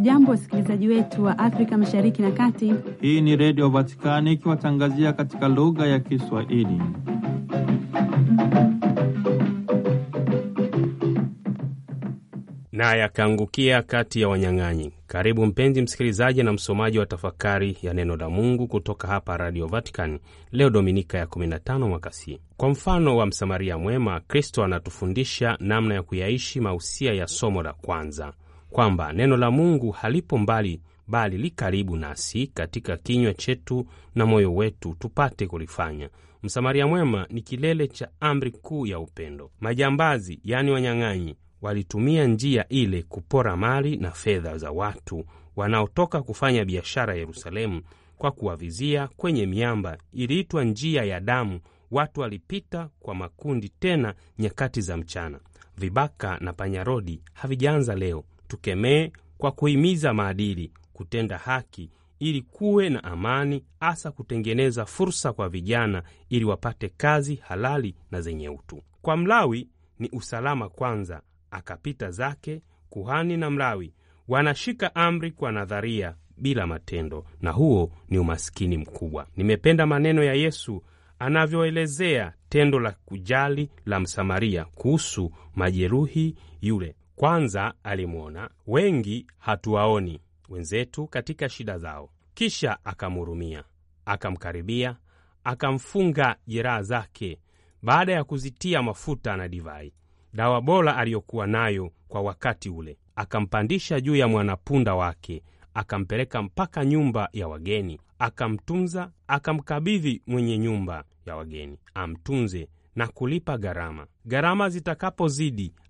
Hamjambo, wasikilizaji wetu wa Afrika mashariki na kati. Hii ni Redio Vatikani ikiwatangazia katika lugha ya Kiswahili. na yakaangukia Naye akaangukia kati ya wanyang'anyi. Karibu mpenzi msikilizaji na msomaji wa tafakari ya neno la Mungu kutoka hapa Radio Vatican leo Dominika ya 15 mwaka C. Kwa mfano wa Msamaria mwema, Kristo anatufundisha namna ya kuyaishi mausia ya somo la kwanza kwamba neno la Mungu halipo mbali, bali li karibu nasi katika kinywa chetu na moyo wetu, tupate kulifanya. Msamaria mwema ni kilele cha amri kuu ya upendo. Majambazi, yaani wanyang'anyi, walitumia njia ile kupora mali na fedha za watu wanaotoka kufanya biashara Yerusalemu kwa kuwavizia kwenye miamba. Iliitwa njia ya damu. Watu walipita kwa makundi, tena nyakati za mchana. Vibaka na panyarodi havijaanza leo, Tukemee kwa kuhimiza maadili, kutenda haki ili kuwe na amani, hasa kutengeneza fursa kwa vijana ili wapate kazi halali na zenye utu. Kwa Mlawi ni usalama kwanza, akapita zake. Kuhani na Mlawi wanashika amri kwa nadharia bila matendo, na huo ni umasikini mkubwa. Nimependa maneno ya Yesu anavyoelezea tendo la kujali la Msamaria kuhusu majeruhi yule kwanza alimwona, wengi hatuwaoni wenzetu katika shida zao. Kisha akamhurumia, akamkaribia, akamfunga jeraha zake baada ya kuzitia mafuta na divai, dawa bora aliyokuwa nayo kwa wakati ule. Akampandisha juu ya mwanapunda wake, akampeleka mpaka nyumba ya wageni, akamtunza, akamkabidhi mwenye nyumba ya wageni amtunze na kulipa gharama. Gharama zitakapozidi,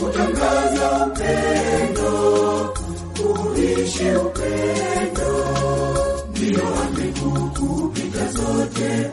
kutangaza upendo, kuhuishe upendo, ndiyo amri kupita zote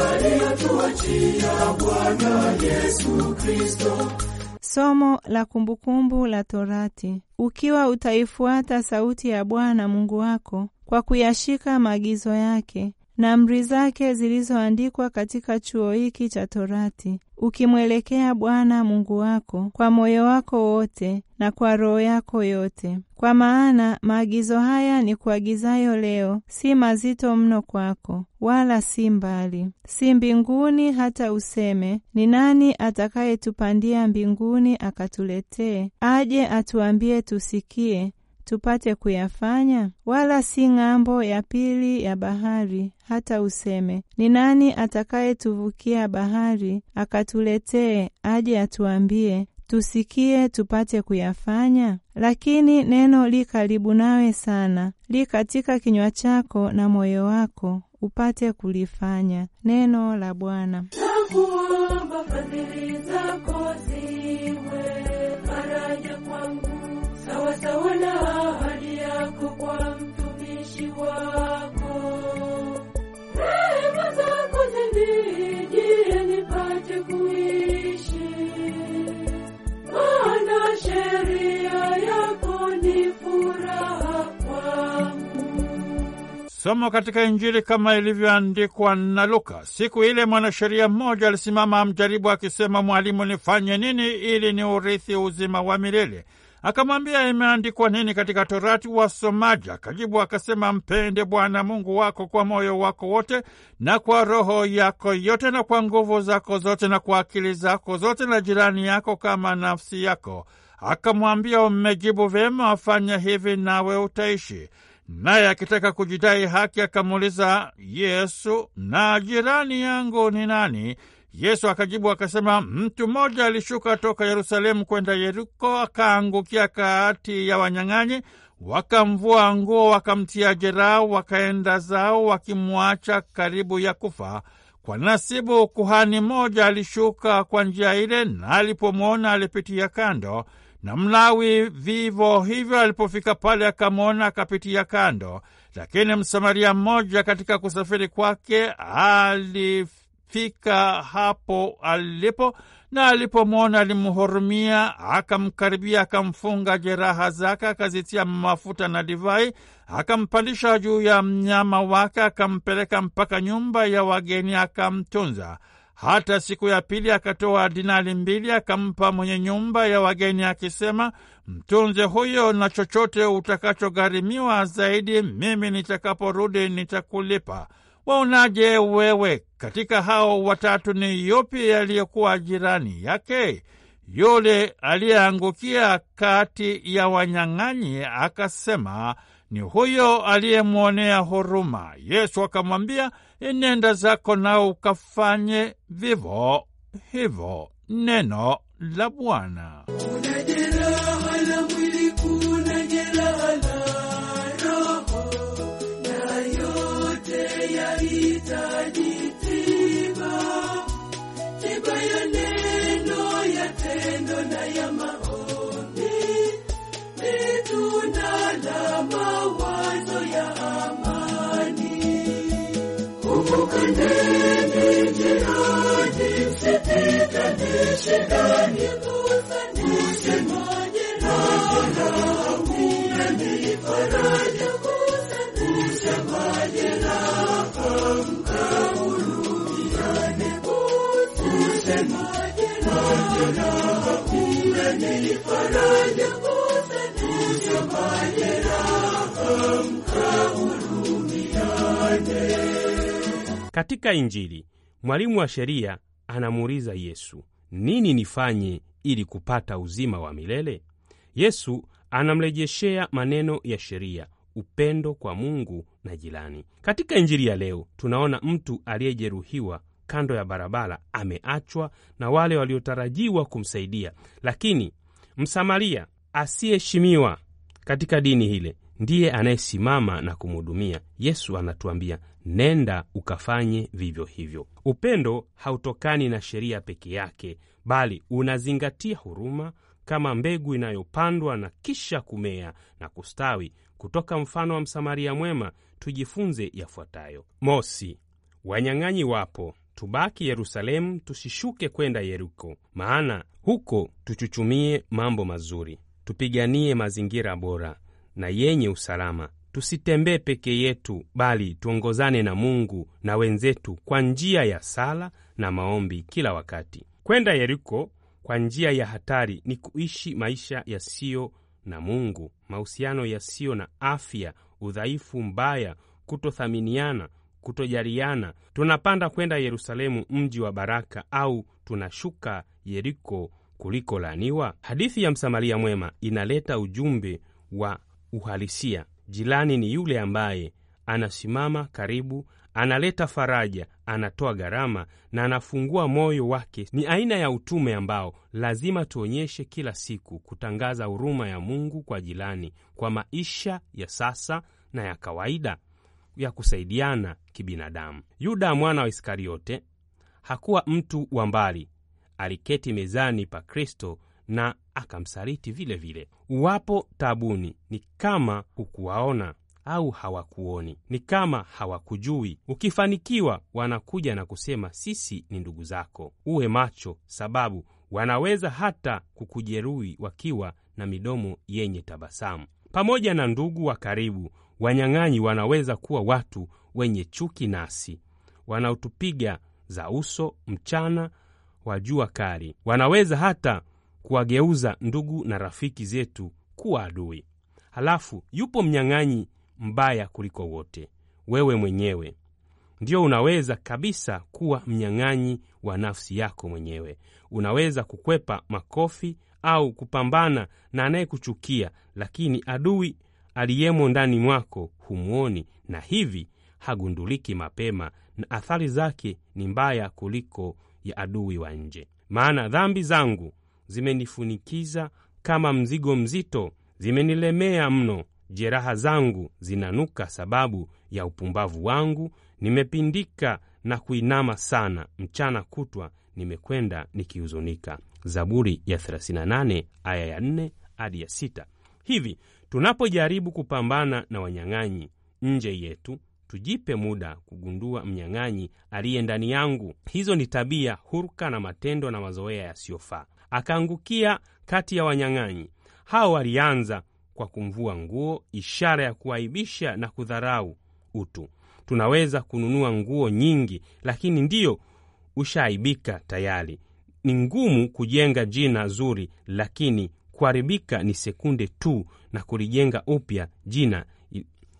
aliyotuachia Bwana Yesu Kristo. Somo la Kumbukumbu la Torati. Ukiwa utaifuata sauti ya Bwana Mungu wako kwa kuyashika maagizo yake na amri zake zilizoandikwa katika chuo hiki cha Torati, ukimwelekea Bwana Mungu wako kwa moyo wako wote na kwa roho yako yote. Kwa maana maagizo haya ni kuagizayo leo si mazito mno kwako, wala si mbali, si mbinguni, hata useme ni nani atakayetupandia mbinguni akatuletee, aje atuambie tusikie tupate kuyafanya? Wala si ng'ambo ya pili ya bahari, hata useme ni nani atakayetuvukia bahari akatuletee, aje atuambie tusikie tupate kuyafanya. Lakini neno li karibu nawe sana, li katika kinywa chako na moyo wako, upate kulifanya. Neno la Bwana. sawasawa na ahadi yako kwa mtumishi wako. Rehema zako zinijie nipate kuishi, maana sheria yako ni furaha kwangu. Somo katika Injili kama ilivyoandikwa na Luka. Siku ile mwanasheria mmoja alisimama amjaribu akisema, Mwalimu, nifanye nini ili ni urithi uzima wa milele? Akamwambia, imeandikwa nini katika Torati wasomaji? Akajibu akasema, mpende Bwana Mungu wako kwa moyo wako wote na kwa roho yako yote na kwa nguvu zako zote na kwa akili zako zote, na jirani yako kama nafsi yako. Akamwambia, umejibu vyema, wafanya hivi nawe utaishi. Naye akitaka kujidai haki akamuuliza Yesu, na jirani yangu ni nani? Yesu akajibu akasema, mtu mmoja alishuka toka Yerusalemu kwenda Yeriko, akaangukia kati ya wanyang'anyi, wakamvua nguo, wakamtia jeraha, wakaenda zao, wakimwacha karibu ya kufa. Kwa nasibu kuhani mmoja alishuka kwa njia ile, na alipomwona alipitia kando, na Mlawi vivyo hivyo, alipofika pale akamwona akapitia kando. Lakini Msamaria mmoja katika kusafiri kwake alifika alifika hapo alipo na alipomwona alimhurumia, akamkaribia, akamfunga jeraha zake, akazitia mafuta na divai, akampandisha juu ya mnyama wake, akampeleka mpaka nyumba ya wageni, akamtunza. Hata siku ya pili akatoa dinari mbili, akampa mwenye nyumba ya wageni akisema, mtunze huyo, na chochote utakachogharimiwa zaidi, mimi nitakaporudi nitakulipa. Waonaje wewe katika hao watatu ni yupi aliyekuwa jirani yake? Yule aliyeangukia kati ya wanyang'anyi akasema, ni huyo aliyemwonea huruma. Yesu akamwambia, inenda zako na ukafanye vivo hivyo. Neno la Bwana. Unahitaji tiba, tiba ya neno, ya tendo na ya maombi, mituna na mawazo ya amani. Kumbuka neni jirani, msipitane shindani, usemaje, Roho yangu unani faraja Katika Injili mwalimu wa sheria anamuuliza Yesu, nini nifanye ili kupata uzima wa milele? Yesu anamrejeshea maneno ya sheria, upendo kwa Mungu na jirani. Katika Injili ya leo tunaona mtu aliyejeruhiwa kando ya barabara, ameachwa na wale waliotarajiwa kumsaidia. Lakini Msamaria asiyeheshimiwa katika dini hile ndiye anayesimama na kumhudumia. Yesu anatuambia nenda ukafanye vivyo hivyo. Upendo hautokani na sheria peke yake, bali unazingatia huruma kama mbegu inayopandwa na kisha kumea na kustawi. Kutoka mfano wa Msamaria mwema tujifunze yafuatayo: mosi, wanyang'anyi wapo tubaki Yerusalemu, tusishuke kwenda Yeriko, maana huko tuchuchumie mambo mazuri, tupiganie mazingira bora na yenye usalama. Tusitembee peke yetu, bali tuongozane na Mungu na wenzetu kwa njia ya sala na maombi kila wakati. Kwenda Yeriko kwa njia ya hatari ni kuishi maisha yasiyo na Mungu, mahusiano yasiyo na afya, udhaifu mbaya, kutothaminiana kutojaliana, tunapanda kwenda Yerusalemu mji wa baraka, au tunashuka Yeriko kuliko laaniwa? Hadithi ya Msamaria mwema inaleta ujumbe wa uhalisia. Jirani ni yule ambaye anasimama karibu, analeta faraja, anatoa gharama na anafungua moyo wake. Ni aina ya utume ambao lazima tuonyeshe kila siku, kutangaza huruma ya Mungu kwa jirani, kwa maisha ya sasa na ya kawaida ya kusaidiana kibinadamu. Yuda mwana wa Iskariote hakuwa mtu wa mbali, aliketi mezani pa Kristo na akamsaliti vilevile. Uwapo tabuni ni kama hukuwaona au hawakuoni, ni kama hawakujui. Ukifanikiwa, wanakuja na kusema sisi ni ndugu zako. Uwe macho, sababu wanaweza hata kukujeruhi wakiwa na midomo yenye tabasamu. Pamoja na ndugu wa karibu, Wanyang'anyi wanaweza kuwa watu wenye chuki nasi, wanaotupiga za uso mchana wa jua kali. Wanaweza hata kuwageuza ndugu na rafiki zetu kuwa adui. Halafu yupo mnyang'anyi mbaya kuliko wote, wewe mwenyewe. Ndio, unaweza kabisa kuwa mnyang'anyi wa nafsi yako mwenyewe. Unaweza kukwepa makofi au kupambana na anayekuchukia, lakini adui aliyemo ndani mwako humwoni, na hivi hagunduliki mapema, na athari zake ni mbaya kuliko ya adui wa nje. Maana dhambi zangu zimenifunikiza kama mzigo mzito, zimenilemea mno. Jeraha zangu zinanuka sababu ya upumbavu wangu. Nimepindika na kuinama sana, mchana kutwa nimekwenda nikihuzunika. Zaburi ya 38 aya ya 4 hadi ya 6. Hivi Tunapojaribu kupambana na wanyang'anyi nje yetu, tujipe muda kugundua mnyang'anyi aliye ndani yangu. Hizo ni tabia, hurka na matendo na mazoea yasiyofaa. Akaangukia kati ya wanyang'anyi hao. Walianza kwa kumvua nguo, ishara ya kuaibisha na kudharau utu. Tunaweza kununua nguo nyingi, lakini ndiyo ushaaibika tayari. Ni ngumu kujenga jina zuri, lakini kuharibika ni sekunde tu na kulijenga upya jina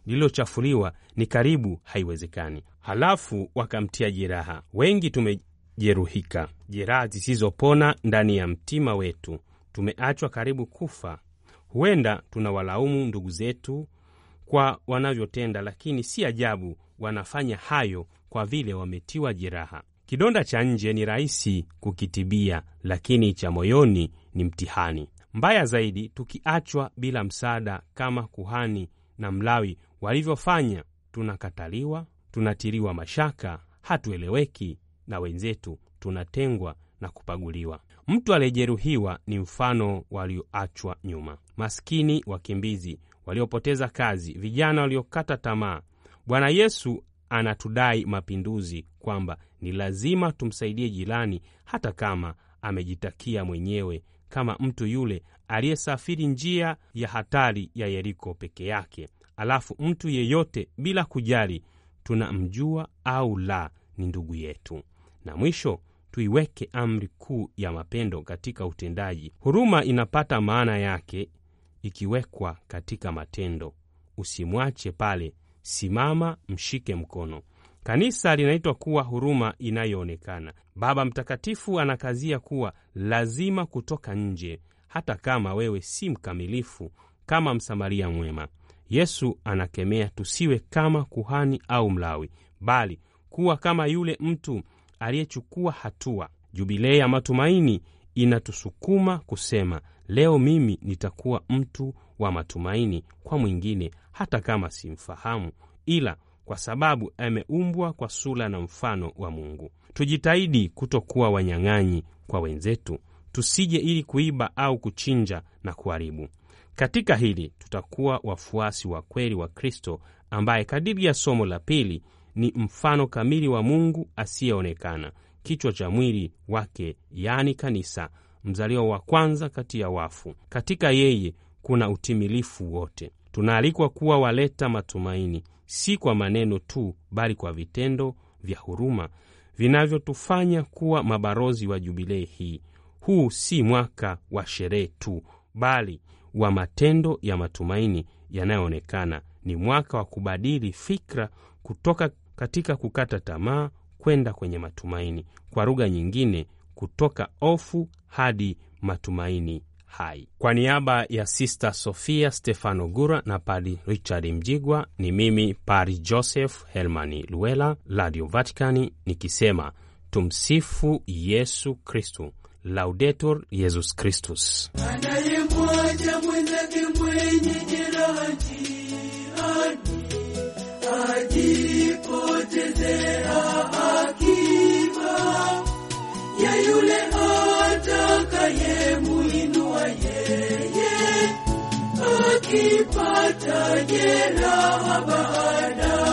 lililochafuliwa ni karibu haiwezekani. Halafu wakamtia jeraha. Wengi tumejeruhika, jeraha zisizopona ndani ya mtima wetu, tumeachwa karibu kufa. Huenda tunawalaumu ndugu zetu kwa wanavyotenda, lakini si ajabu wanafanya hayo kwa vile wametiwa jeraha. Kidonda cha nje ni rahisi kukitibia, lakini cha moyoni ni mtihani. Mbaya zaidi, tukiachwa bila msaada kama kuhani na Mlawi walivyofanya, tunakataliwa, tunatiliwa mashaka, hatueleweki na wenzetu, tunatengwa na kupaguliwa. Mtu aliyejeruhiwa ni mfano walioachwa nyuma: maskini, wakimbizi, waliopoteza kazi, vijana waliokata tamaa. Bwana Yesu anatudai mapinduzi, kwamba ni lazima tumsaidie jirani hata kama amejitakia mwenyewe kama mtu yule aliyesafiri njia ya hatari ya Yeriko peke yake. Alafu mtu yeyote, bila kujali tunamjua au la, ni ndugu yetu. Na mwisho tuiweke amri kuu ya mapendo katika utendaji. Huruma inapata maana yake ikiwekwa katika matendo. Usimwache pale, simama, mshike mkono. Kanisa linaitwa kuwa huruma inayoonekana. Baba Mtakatifu anakazia kuwa lazima kutoka nje, hata kama wewe si mkamilifu, kama Msamaria mwema. Yesu anakemea tusiwe kama kuhani au Mlawi, bali kuwa kama yule mtu aliyechukua hatua. Jubilei ya matumaini inatusukuma kusema leo, mimi nitakuwa mtu wa matumaini kwa mwingine, hata kama simfahamu, ila kwa sababu ameumbwa kwa sura na mfano wa Mungu. Tujitahidi kutokuwa wanyang'anyi kwa wenzetu, tusije ili kuiba au kuchinja na kuharibu. Katika hili tutakuwa wafuasi wa kweli wa Kristo, ambaye kadiri ya somo la pili ni mfano kamili wa Mungu asiyeonekana, kichwa cha mwili wake, yaani kanisa, mzaliwa wa kwanza kati ya wafu. Katika yeye kuna utimilifu wote. Tunaalikwa kuwa waleta matumaini si kwa maneno tu, bali kwa vitendo vya huruma vinavyotufanya kuwa mabarozi wa jubilei hii. Huu si mwaka wa sherehe tu, bali wa matendo ya matumaini yanayoonekana. Ni mwaka wa kubadili fikra kutoka katika kukata tamaa kwenda kwenye matumaini, kwa lugha nyingine, kutoka hofu hadi matumaini hai. Kwa niaba ya Sista Sofia Stefano Gura na Padi Richard Mjigwa, ni mimi Pari Joseph helmani Luela, Radio Vaticani, nikisema tumsifu Yesu Kristu, laudetur Yesus Kristus. Anayemwacha ajipotezea akiba ya yule Ukipata jeraha baada